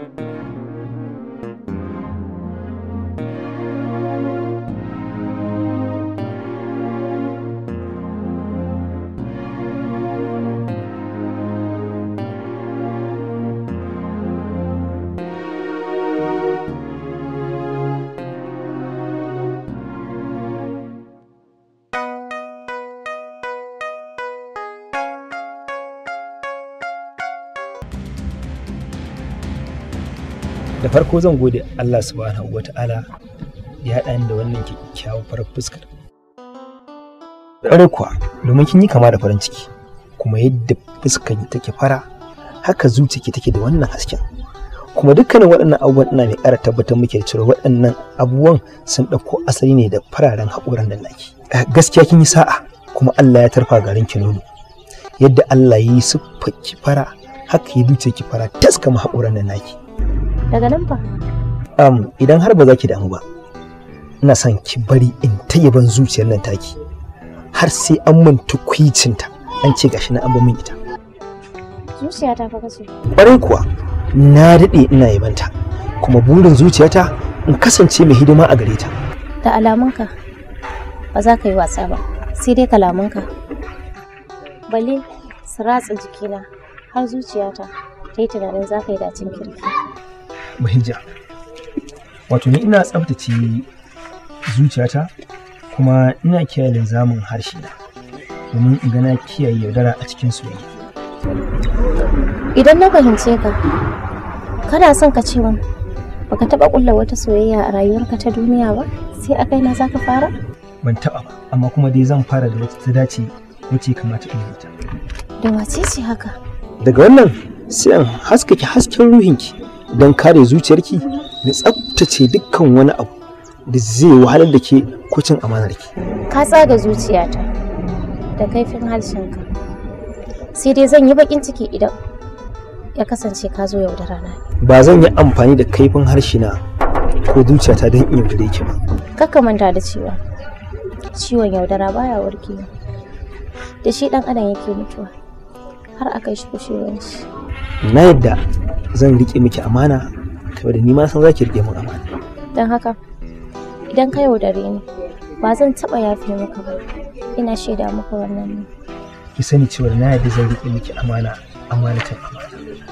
Thank you. da farko zan gode Allah subhanahu wa ta'ala ya haɗa da wannan kyakkyawar farar fuskar domin kin yi kama da farin ciki kuma yadda fuskar take fara haka zuciyarki take da wannan hasken kuma dukkanin waɗannan abubuwan ina mai ƙara tabbatar muke da cewa waɗannan abubuwan sun ɗauko asali ne da fararen haƙoran da naki eh, gaskiya kin yi sa'a kuma Allah ya tarfa garin ki nono yadda Allah ya yi siffar ki fara haka ya duce ki fara taskama haƙoran da naki daga nan fa um, idan har ba za ki damu ba ina san ki bari in ta ban zuciyar nan taki har sai an man tukwicinta an ce gashi na an min ita zuciya ta fa kace ƙwarai kuwa na daɗe ina yi banta, kuma burin zuciyata in kasance mai hidima a gare ta da alamunka ba za ka yi wasa ba sai dai kalamunka bale su ratsa jikina har zuciyata ta yi tunanin za ka yi dacin kirki bahija wato ni ina tsaftace zuciyata kuma ina kiyaye linzamin harshe na domin in gana kiyaye yaudara a cikin soyayya idan na fahimce ka kana son ka ce min baka taba kulla wata soyayya a rayuwarka ta duniya ba sai a kaina zaka fara ban taba ba amma kuma dai zan fara da wata ta dace wacce kamata in yi ta da wace ce haka daga wannan sai an haskake hasken ruhinki don kare zuciyarki da tsaftace dukkan wani abu da zai wahalar da ke kucin amanarki. Ka tsaga zuciyata da kaifin harshenka. Sai dai zan yi bakin ciki idan ya kasance ka zo yau da Ba zan yi amfani da kaifin harshena ko zuciyata don in yaudare ki ba. Kaka manta da cewa ciwon yaudara baya warkewa. Da shi dan adam yake mutuwa har a kai shi kushewanci. na yadda zan riƙe miki amana kamar da ni ma san zaki riƙe min amana don haka idan ka yaudare ni ba zan taɓa yafe maka ba ina shaida muku wannan ne ki sani cewa na yadda zan riƙe miki amana amana ta amana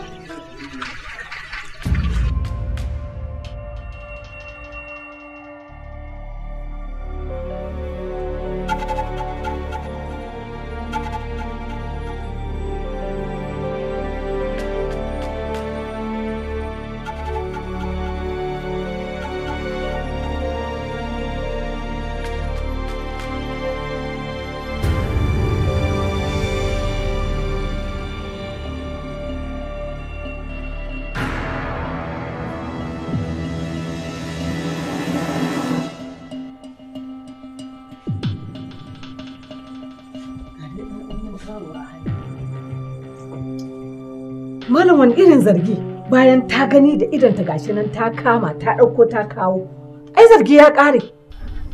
Malam wani irin zargi bayan ta gani da ta gashi nan ta kama ta ɗauko ta kawo. Ai zargi ya ƙare.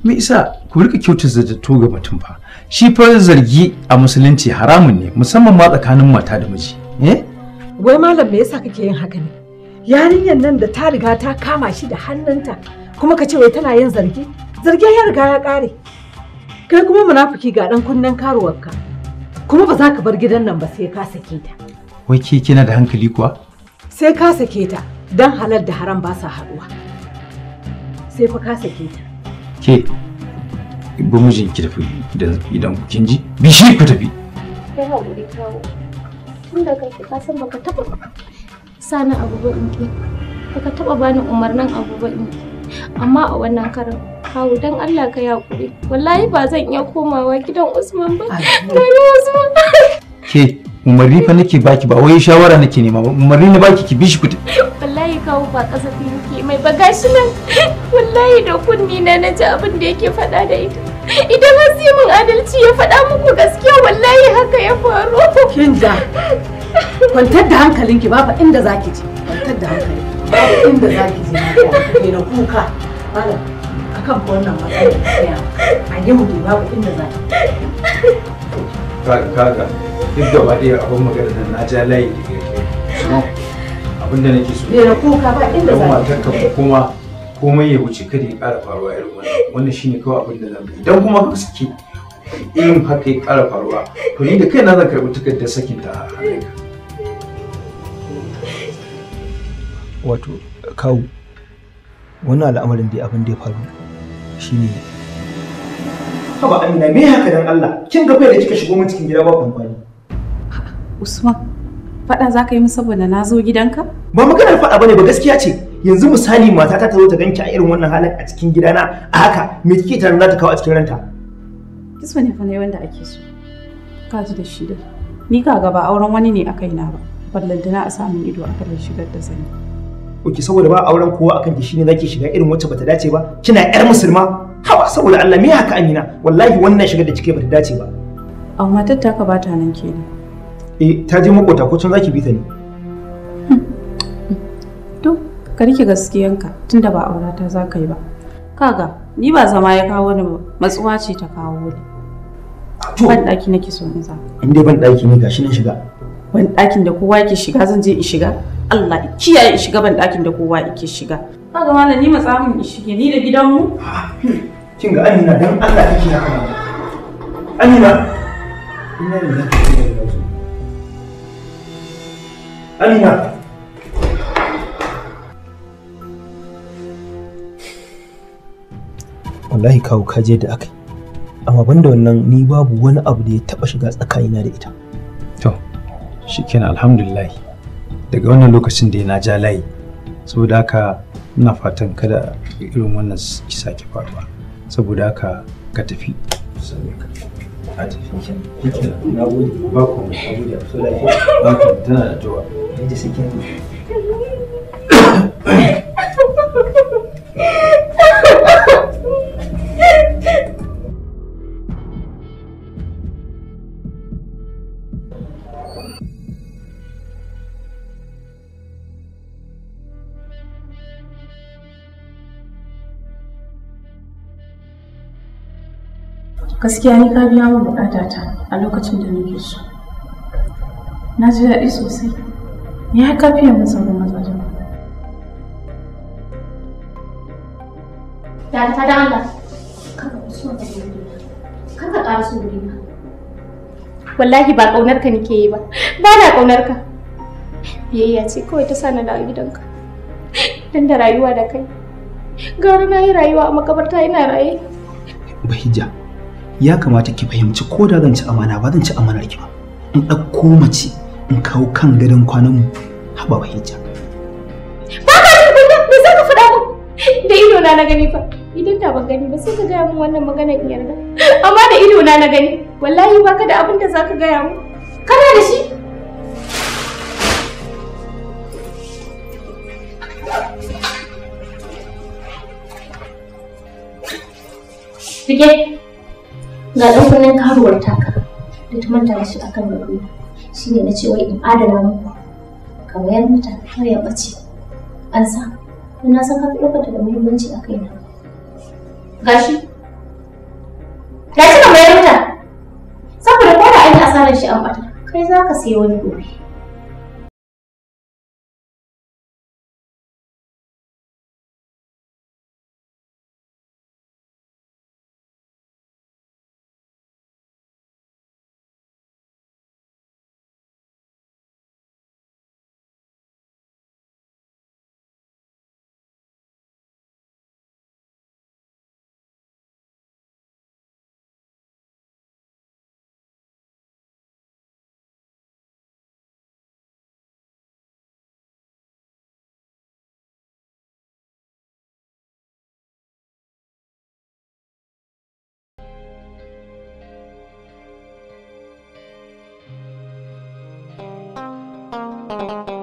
Me isa ku rika kyautar zato ga mutum fa. Shi fa zargi a musulunci haramun ne musamman ma tsakanin mata da miji. Eh? Wai malam me yasa kake yin haka ne? Yarinyar nan da ta riga ta kama shi da hannunta kuma ka ce wai tana yin zargi? Zargi ya riga ya ƙare. Kai kuma munafuki ga ɗan kunnen karuwarka. kuma ba za ka bar gidan nan ba sai ka sake ta wai ke kina da hankali kuwa sai ka sake ta don halal da haram ba sa haɗuwa sai fa ka sake ta ke ba mijin ki tafi idan kin ji bi shi ku tafi kai haƙuri kawo tun da kai ka san baka taɓa sani abu ba in ki baka taɓa bani umarnin abu ba in amma a wannan karan kawo don Allah ka yaƙuri wallahi ba zan iya komawa gidan Usman ba gani Usman ke umarni fa nake baki ba wai shawara nake nema ba umarni na baki ki bishi kuɗi wallahi kawo ba kasafi nake mai ba gashi nan wallahi da kunni na na ji abin da yake faɗa da ita idan har sai mun adalci ya faɗa muku gaskiya wallahi haka ya faru kin ja kwantar da hankalinki babu inda zaki je kwantar da hankalinki babu inda zaki je na kuka malam akan wannan matsalar a yau da babu inda za ta kaga duk gaba ɗaya abin magana nan na ja layi da gare abin da nake so ne kuka ba inda za matarka kuma komai ya wuce kada ya ƙara faruwa irin wannan wannan shine kawai abin da zan yi idan kuma ka saki irin haka ya ƙara faruwa to ni da kaina zan karɓi takardar sakin ta a hannunka wato kawu wannan al'amarin dai abin da ya faru shine haba amina me haka dan Allah kin ga kai da kika shigo min cikin gida ba kwamfani Usman faɗa za ka yi saboda na zo gidanka? Ba maganar faɗa bane ba gaskiya ce yanzu misali matata ta zo ta ganki a irin wannan halin a cikin gidana a haka me kike tunanin za ta kawo a cikin ranta? Kiswa ne fa ne wanda ake so. Ka ji da shi dai. Ni ka gaba auren wani ne a na ba. Ballantana a samun ido a kan shigar da sani Oke saboda ba auren kowa akan ki shine zaki shiga irin wacce bata dace ba kina yar musulma hawa saboda Allah me haka Amina wallahi wannan shigar da kike bata dace ba amma matar ta ka bata nan ke eh ta je makota ko tun zaki bi ta ne to ka rike gaskiyanka tunda ba aura ta zaka yi ba kaga ni ba zama ya kawo ni matsuwa ce ta kawo ni ban daki nake so in za in dai ban daki ne gashi nan shiga ban dakin da kowa yake shiga zan je in shiga Allah kiyaye in shiga ban dakin da kowa yake shiga kaga malam ni matsamin in shige ni da gidanmu kin ga Amina dan Allah kike na Amina ina da Amina wallahi kawo kaje da akai amma banda wannan ni babu wani abu da ya taba shiga tsakanina da ita to shikenan alhamdulillah daga wannan lokacin da na ja layi saboda haka ina fatan kada irin wannan sake faruwa saboda haka ka tafi a tafi na gode ba ku ba ku tana da jowa gaskiya ni ka biya min bukatata a lokacin da nake so na ji daɗi sosai ya ka fiye min sauran mazajen ta ta da Allah kaka so da kaka ƙara so da wallahi ba ƙaunar ka nake yi ba ba na ƙaunar ka biyayya ce kawai ta sa na dawo gidanka dan da rayuwa da kai gara na yi rayuwa a makabarta ina raye bahija ya kamata ki fahimci ko da zan ci amana ba zan ci amanar ki ba in ɗauko mace in kawo kan gadon kwanan haba ba hijja ba ka ji kunya me za ka faɗa mu da ido na na gani fa idan da ban gani ba sai ka gaya min wannan maganar in yarda amma da ido na na gani wallahi ba ka da abin da zaka gaya mu kana da shi Sige, ga ɗan kunnen karuwar taka da ta manta da shi akan gado shi ne na ce wai in adana muku ka wayar mata har ya ɓace an sa na san kafin ɗaukar da muhimmanci a kaina gashi gashi ka wayar mata saboda ko da an yi asarar shi an ɓata kai za ka sayi wani gobe Thank you.